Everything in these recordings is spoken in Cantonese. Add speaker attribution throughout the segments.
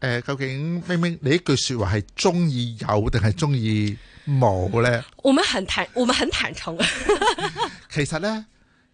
Speaker 1: 誒，究竟明明你一句說話係中意有定係中意冇咧？
Speaker 2: 我們很坦，我們很坦誠。
Speaker 1: 其實咧，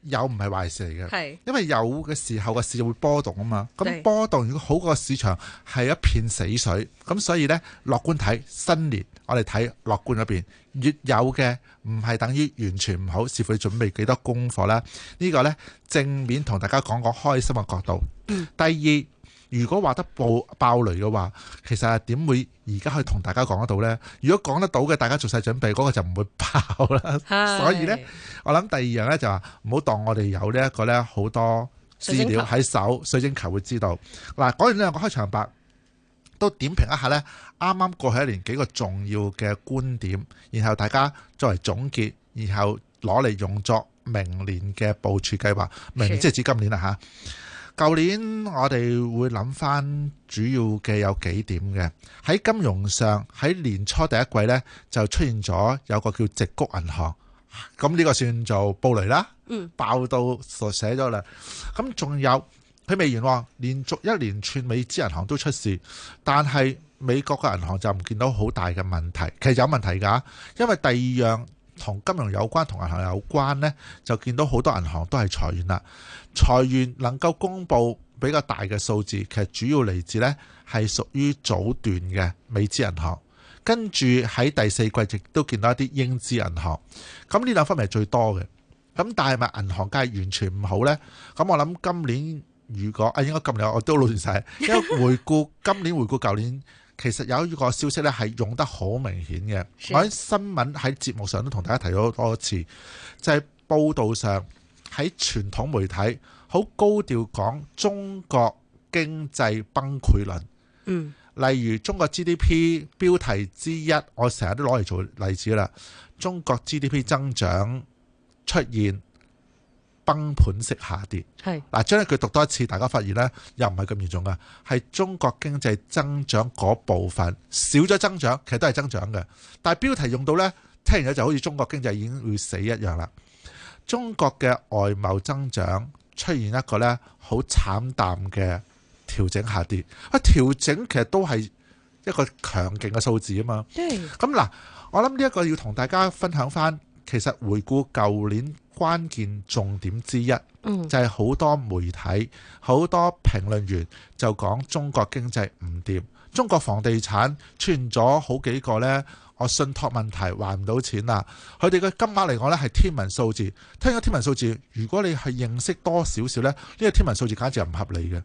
Speaker 1: 有唔係壞事嚟嘅，係因為有嘅時候個市會波動啊嘛。咁波動如果好過市場係一片死水，咁所以咧樂觀睇新年，我哋睇樂觀嗰邊越有嘅唔係等於完全唔好，視乎你準備幾多功課啦？呢個咧正面同大家講個開心嘅角度。嗯，第二。如果話得爆爆雷嘅話，其實係點會而家去同大家講得到呢？如果講得到嘅，大家做晒準備，嗰個就唔會爆啦。所以呢，我諗第二樣呢就話唔好當我哋有呢一個呢好多資料喺手，水晶球會知道。嗱，講完呢兩個開場白，都點評一下呢啱啱過去一年幾個重要嘅觀點，然後大家作為總結，然後攞嚟用作明年嘅部署計劃，明年即係指今年啦嚇。舊年我哋會諗翻主要嘅有幾點嘅，喺金融上，喺年初第一季呢，就出現咗有個叫直谷銀行，咁、這、呢個算做暴雷啦，嗯，爆到就寫咗啦，咁仲有佢未完喎，連續一連串美資銀行都出事，但係美國嘅銀行就唔見到好大嘅問題，其實有問題噶，因為第二樣。同金融有關、同銀行有關呢，就見到好多銀行都係裁員啦。裁員能夠公布比較大嘅數字，其實主要嚟自呢係屬於早段嘅美資銀行，跟住喺第四季亦都見到一啲英資銀行。咁呢兩份係最多嘅。咁但係咪銀行界完全唔好呢？咁我諗今年如果啊、哎，應該今年我都老完曬。因為回顧今年，回顧舊年。其實有一個消息咧，係用得好明顯嘅。我喺新聞喺節目上都同大家提咗好多次，就係報道上喺傳統媒體好高調講中國經濟崩潰論。嗯，例如中國 GDP 標題之一，我成日都攞嚟做例子啦。中國 GDP 增長出現。崩盤式下跌。係嗱，將佢讀多一次，大家發現呢，又唔係咁嚴重嘅，係中國經濟增長嗰部分少咗增長，其實都係增長嘅。但係標題用到呢，聽完咗就好似中國經濟已經會死一樣啦。中國嘅外貿增長出現一個呢好慘淡嘅調整下跌，啊，調整其實都係一個強勁嘅數字啊嘛。對，咁嗱，我諗呢一個要同大家分享翻，其實回顧舊年。關鍵重點之一就係好多媒體、好多評論員就講中國經濟唔掂，中國房地產串咗好幾個呢，我信託問題還唔到錢啦。佢哋嘅金額嚟講呢係天文數字，聽咗天文數字，如果你係認識多少少咧，呢個天文數字簡直唔合理嘅。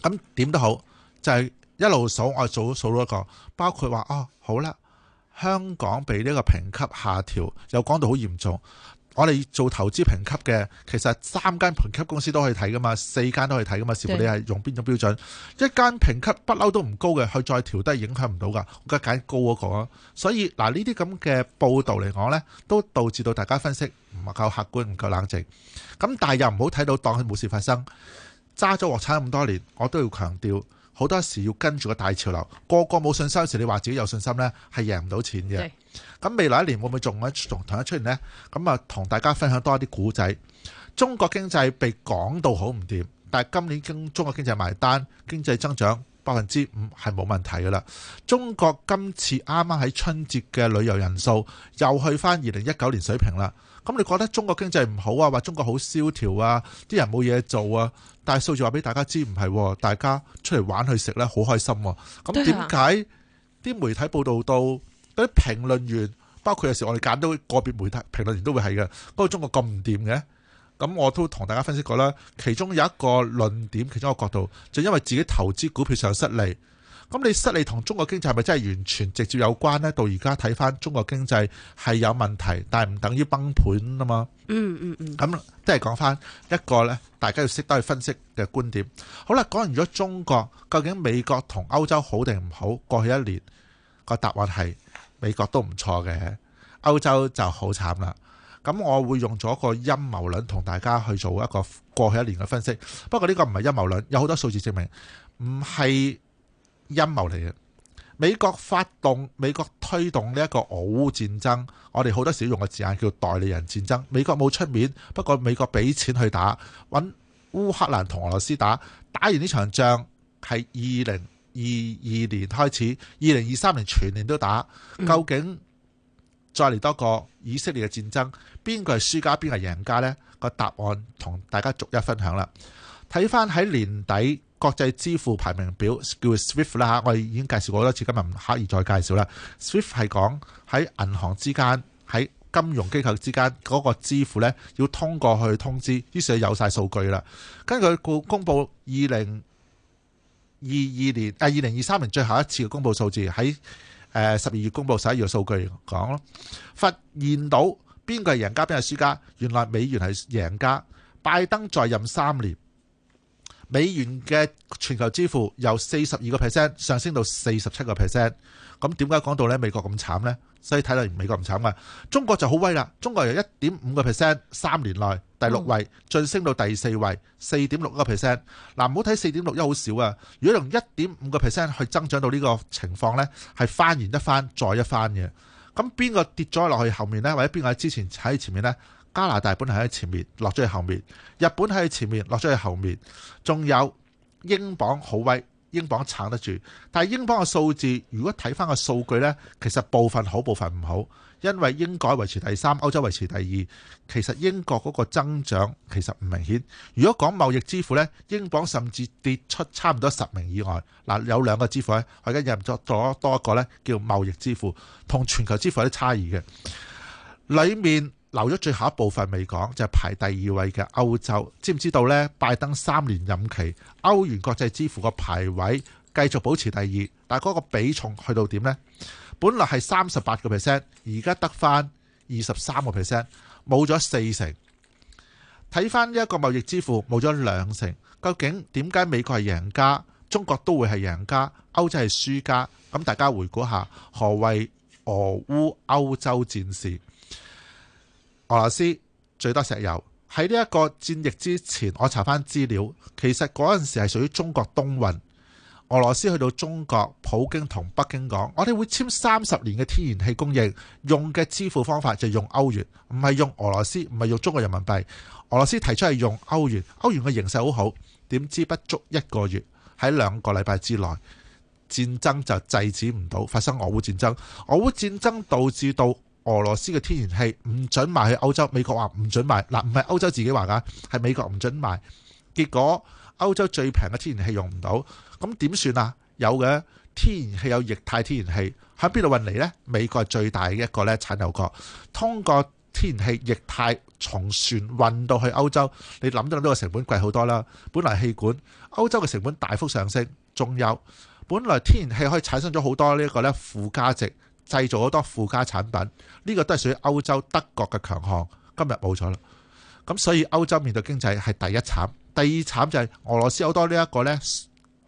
Speaker 1: 咁點都好就係一路數，我數數到一個，包括話哦好啦，香港俾呢個評級下調，又講到好嚴重。我哋做投資評級嘅，其實三間評級公司都可以睇噶嘛，四間都可以睇噶嘛，視乎你係用邊種標準。一間評級不嬲都唔高嘅，去再調低影響唔到噶，我梗係高嗰個咯。所以嗱呢啲咁嘅報道嚟講呢，都導致到大家分析唔夠客觀，唔夠冷靜。咁但係又唔好睇到當佢冇事發生。揸咗鑊產咁多年，我都要強調，好多時要跟住個大潮流。個個冇信心時，你話自己有信心呢，係贏唔到錢嘅。咁未來一年會唔會仲一仲同一出現呢？咁啊，同大家分享多一啲古仔。中國經濟被講到好唔掂，但係今年經中國經濟埋單，經濟增長百分之五係冇問題噶啦。中國今次啱啱喺春節嘅旅遊人數又去翻二零一九年水平啦。咁你覺得中國經濟唔好啊？話中國好蕭條啊？啲人冇嘢做啊？但係數字話俾大家知唔係，大家出嚟玩去食呢，好開心。咁點解啲媒體報道到……嗰啲評論員，包括有時我哋揀到個別媒體評論員都會係嘅，不過中國咁唔掂嘅？咁我都同大家分析過啦。其中有一個論點，其中一個角度就因為自己投資股票上失利。咁你失利同中國經濟係咪真係完全直接有關呢？到而家睇翻中國經濟係有問題，但係唔等於崩盤啊嘛。嗯嗯嗯。咁即係講翻一個呢，大家要識得去分析嘅觀點。好啦，講完咗中國，究竟美國同歐洲好定唔好？過去一年個答案係。美國都唔錯嘅，歐洲就好慘啦。咁我會用咗個陰謀論同大家去做一個過去一年嘅分析。不過呢個唔係陰謀論，有好多數字證明唔係陰謀嚟嘅。美國發動、美國推動呢一個俄烏戰爭，我哋好多時用嘅字眼叫代理人戰爭。美國冇出面，不過美國俾錢去打，揾烏克蘭同俄羅斯打。打完呢場仗係二零二二年開始，二零二三年全年都打，究竟再嚟多個以色列嘅戰爭，邊個係輸家，邊個係贏家呢？個答案同大家逐一分享啦。睇翻喺年底國際支付排名表，叫 Swift 啦嚇，我哋已經介紹過多次，今日唔刻意再介紹啦。Swift 係講喺銀行之間，喺金融機構之間嗰個支付呢，要通過去通知，於是有晒數據啦。根據公佈二零。二二年啊，二零二三年最後一次嘅公布數字喺誒十二月公布，十一月數據講咯，發現到邊個係贏家，邊係輸家？原來美元係贏家，拜登在任三年，美元嘅全球支付由四十二個 percent 上升到四十七個 percent，咁點解講到咧美國咁慘咧？所以睇嚟美國唔慘啊，中國就好威啦。中國由一點五個 percent，三年內第六位晉升到第四位，四點六個 percent。嗱，唔好睇四點六一好少啊。如果從一點五個 percent 去增長到呢個情況呢，係翻然一番再一番嘅。咁邊個跌咗落去後面呢？或者邊個喺之前喺前面呢？加拿大本嚟喺前面落咗去後面，日本喺前面落咗去後面，仲有英鎊好威。英鎊撐得住，但係英鎊嘅數字，如果睇翻個數據呢，其實部分好，部分唔好。因為英鎊維持第三，歐洲維持第二。其實英國嗰個增長其實唔明顯。如果講貿易支付呢，英鎊甚至跌出差唔多十名以外。嗱，有兩個支付呢，我而家入咗多一個呢，叫貿易支付，同全球支付有啲差異嘅，裡面。留咗最後一部分未講，就係、是、排第二位嘅歐洲，知唔知道呢？拜登三年任期，歐元國際支付嘅排位繼續保持第二，但係嗰個比重去到點呢？本來係三十八個 percent，而家得返二十三個 percent，冇咗四成。睇返一個貿易支付，冇咗兩成。究竟點解美國係贏家，中國都會係贏家，歐洲係輸家？咁大家回顧一下何謂俄烏歐洲戰事。俄羅斯最多石油，喺呢一個戰役之前，我查翻資料，其實嗰陣時係屬於中國東運。俄羅斯去到中國，普京同北京講，我哋會簽三十年嘅天然氣供應，用嘅支付方法就係用歐元，唔係用俄羅斯，唔係用中國人民幣。俄羅斯提出係用歐元，歐元嘅形勢好好，點知不足一個月喺兩個禮拜之內，戰爭就制止唔到，發生俄烏戰爭。俄烏戰爭導致到。俄羅斯嘅天然氣唔准賣去歐洲，美國話唔准賣嗱，唔係歐洲自己話噶，係美國唔准賣。結果歐洲最平嘅天然氣用唔到，咁點算啊？有嘅天然氣有液態天然氣，喺邊度運嚟呢？美國係最大嘅一個咧產油國，通過天然氣液態從船運到去歐洲，你諗到呢個成本貴好多啦。本來氣管歐洲嘅成本大幅上升，仲有本來天然氣可以產生咗好多呢一個呢附加值。製造好多附加產品，呢個都係屬於歐洲德國嘅強項。今日冇咗啦，咁所以歐洲面對經濟係第一慘，第二慘就係俄羅斯好多呢一個呢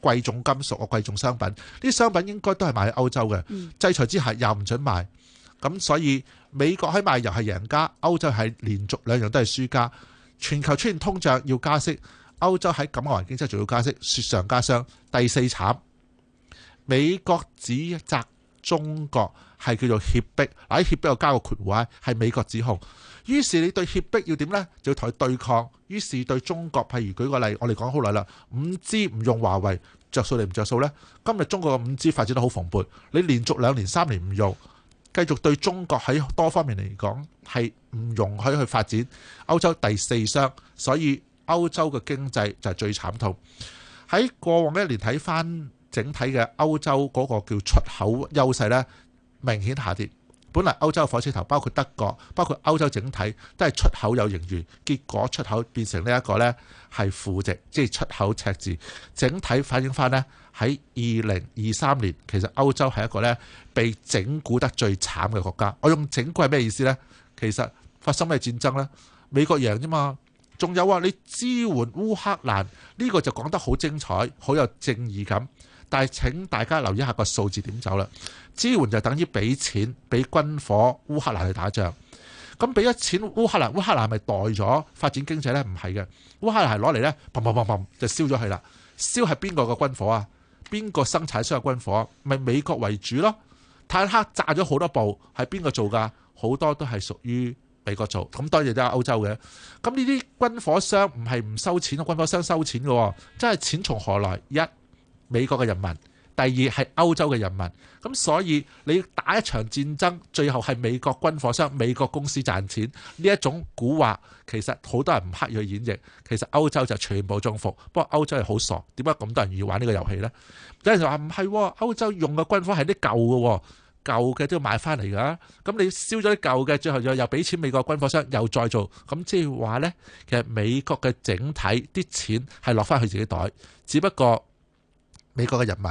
Speaker 1: 貴重金屬個貴重商品，啲商品應該都係賣喺歐洲嘅。制裁之下又唔准賣，咁所以美國喺賣又係贏家，歐洲係連續兩樣都係輸家。全球出現通脹要加息，歐洲喺咁嘅環境仲要加息，雪上加霜。第四慘，美國指責中國。係叫做脅迫，喺脅迫又加個括號，係美國指控。於是你對脅迫要點咧？就要同佢對抗。於是對中國，譬如舉個例，我哋講好耐啦，五 G 唔用華為，着數你唔着數咧？今日中國嘅五 G 發展得好蓬勃，你連續兩年、三年唔用，繼續對中國喺多方面嚟講係唔容許去發展。歐洲第四商，所以歐洲嘅經濟就係最慘痛。喺過往一年睇翻整體嘅歐洲嗰個叫出口優勢咧，明顯下跌，本嚟歐洲火車頭包括德國，包括歐洲整體都係出口有盈餘，結果出口變成呢一個呢係負值，即係出口赤字。整體反映翻呢，喺二零二三年，其實歐洲係一個呢被整蠱得最慘嘅國家。我用整蠱係咩意思呢？其實發生咩戰爭呢？美國贏啫嘛，仲有啊，你支援烏克蘭呢、呢個就講得好精彩，好有正義感。但係請大家留意下個數字點走啦，支援就等於俾錢俾軍火烏克蘭去打仗。咁俾咗錢，烏克蘭，烏克蘭係咪代咗發展經濟呢？唔係嘅，烏克蘭係攞嚟呢，砰砰砰砰就燒咗佢啦。燒係邊個嘅軍火啊？邊個生產商嘅軍火？咪、就是、美國為主咯。坦克炸咗好多部，係邊個做㗎？好多都係屬於美國做。咁當然都係歐洲嘅。咁呢啲軍火商唔係唔收錢，軍火商收錢嘅，真係錢從何來一？美國嘅人民，第二係歐洲嘅人民，咁所以你打一場戰爭，最後係美國軍火商、美國公司賺錢呢一種古話，其實好多人唔刻意去演繹。其實歐洲就全部中伏，不過歐洲係好傻，點解咁多人要玩呢個遊戲呢？有人就話唔係，歐洲用嘅軍火係啲舊嘅，舊嘅都要買翻嚟㗎。咁你燒咗啲舊嘅，最後又又俾錢美國軍火商，又再做，咁即係話呢，其實美國嘅整體啲錢係落翻去自己袋，只不過。美國嘅人民、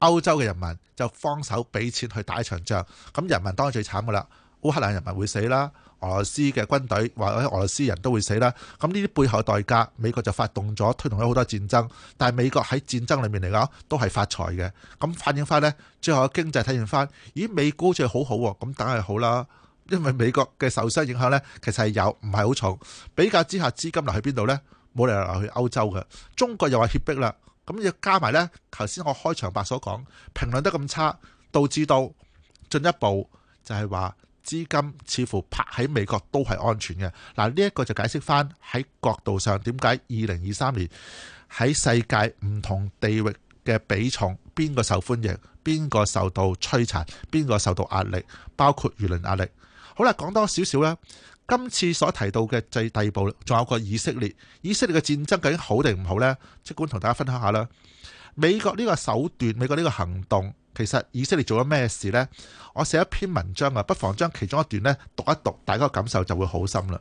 Speaker 1: 歐洲嘅人民就幫手俾錢去打一場仗，咁人民當然最慘噶啦。烏克蘭人民會死啦，俄羅斯嘅軍隊或者俄羅斯人都會死啦。咁呢啲背後嘅代價，美國就發動咗推動咗好多戰爭，但係美國喺戰爭裡面嚟講都係發財嘅。咁反映翻呢，最後嘅經濟體現翻，咦？美股最好好喎，咁梗係好啦，因為美國嘅受傷影響呢，其實係有，唔係好重。比較之下，資金流去邊度呢？冇理由流去歐洲嘅。中國又話脅迫啦。咁要加埋呢，頭先我開場白所講評論得咁差，導致到進一步就係話資金似乎拍喺美國都係安全嘅。嗱，呢一個就解釋翻喺角度上點解二零二三年喺世界唔同地域嘅比重，邊個受歡迎，邊個受到摧殘，邊個受到壓力，包括輿論壓力。好啦，講多少少啦。今次所提到嘅就係第二步，仲有個以色列，以色列嘅戰爭究竟好定唔好呢？即管同大家分享下啦。美國呢個手段，美國呢個行動，其實以色列做咗咩事呢？我寫一篇文章啊，不妨將其中一段呢讀一讀，大家嘅感受就會好深啦。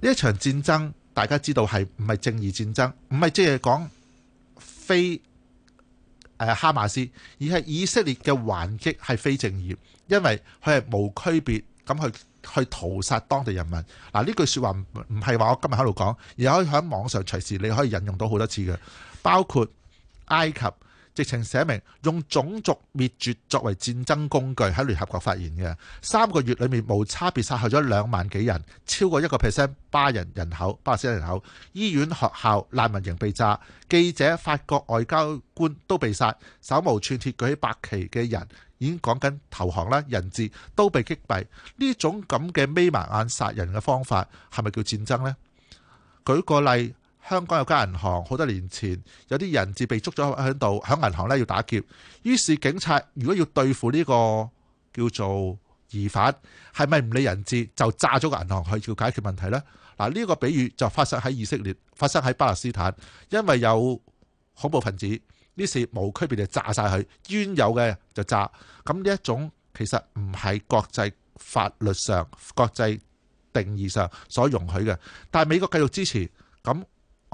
Speaker 1: 呢一場戰爭大家知道係唔係正義戰爭，唔係即係講非誒、啊、哈馬斯，而係以色列嘅還擊，係非正義，因為佢係無區別，咁去。去屠殺當地人民，嗱，呢句説話唔係話我今日喺度講，而可以喺網上隨時你可以引用到好多次嘅，包括埃及。直情寫明用種族滅絕作為戰爭工具，喺聯合國發言嘅三個月裏面，無差別殺害咗兩萬幾人，超過一個 percent 巴人人口，巴斯人人口，醫院、學校、難民營被炸，記者、法國外交官都被殺，手無寸鐵舉起白旗嘅人已經講緊投降啦，人質都被擊斃，呢種咁嘅眯埋眼殺人嘅方法係咪叫戰爭呢？舉個例。香港有間銀行，好多年前有啲人質被捉咗喺度，喺銀行咧要打劫。於是警察如果要對付呢個叫做疑犯，係咪唔理人質就炸咗個銀行去要解決問題呢？嗱，呢個比喻就發生喺以色列，發生喺巴勒斯坦，因為有恐怖分子，於是無區別地炸晒佢，冤有嘅就炸。咁呢一種其實唔係國際法律上、國際定義上所容許嘅，但美國繼續支持咁。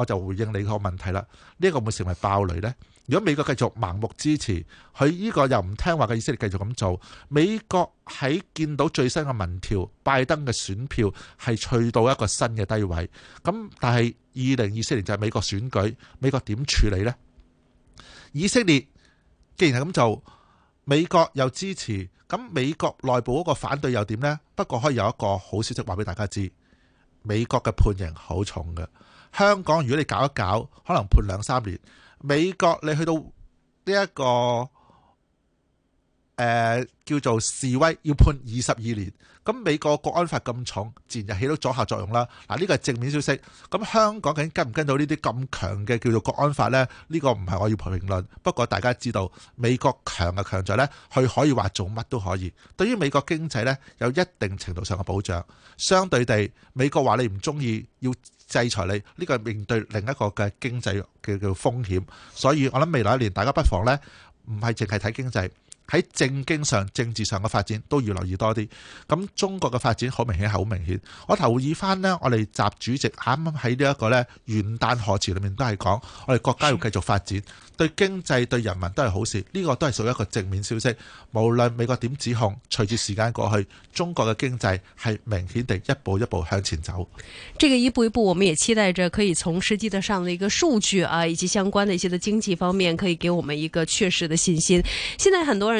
Speaker 1: 我就回應你個問題啦。呢一個會成為爆雷呢？如果美國繼續盲目支持佢呢個又唔聽話嘅以色列繼續咁做，美國喺見到最新嘅民調，拜登嘅選票係去到一個新嘅低位。咁但係二零二四年就係美國選舉，美國點處理呢？以色列既然係咁做，美國又支持，咁美國內部嗰個反對又點呢？不過可以有一個好消息話俾大家知，美國嘅判刑好重嘅。香港如果你搞一搞，可能判兩三年；美國你去到呢、這、一個，誒、呃、叫做示威，要判二十二年。咁美國國安法咁重，自然就起到阻嚇作用啦。嗱，呢個係正面消息。咁香港究竟跟唔跟到呢啲咁強嘅叫做國安法呢？呢個唔係我要評論。不過大家知道，美國強嘅強在呢，佢可以話做乜都可以。對於美國經濟呢，有一定程度上嘅保障。相對地，美國話你唔中意要制裁你，呢個係面對另一個嘅經濟叫叫風險。所以我諗未來一年，大家不妨呢，唔係淨係睇經濟。喺政經上、政治上嘅發展都越來越多啲。咁中國嘅發展好明顯係好明顯。我留意翻呢，我哋習主席啱啱喺呢一個呢元旦賀詞裏面都係講，我哋國家要繼續發展，對經濟對人民都係好事。呢、這個都係屬於一個正面消息。無論美國點指控，隨住時間過去，中國嘅經濟係明顯地一步一步向前走。
Speaker 2: 這個一步一步，我們也期待着，可以從實際的上的一個數據啊，以及相關的一些的經濟方面，可以給我們一個確實的信心。現在很多人，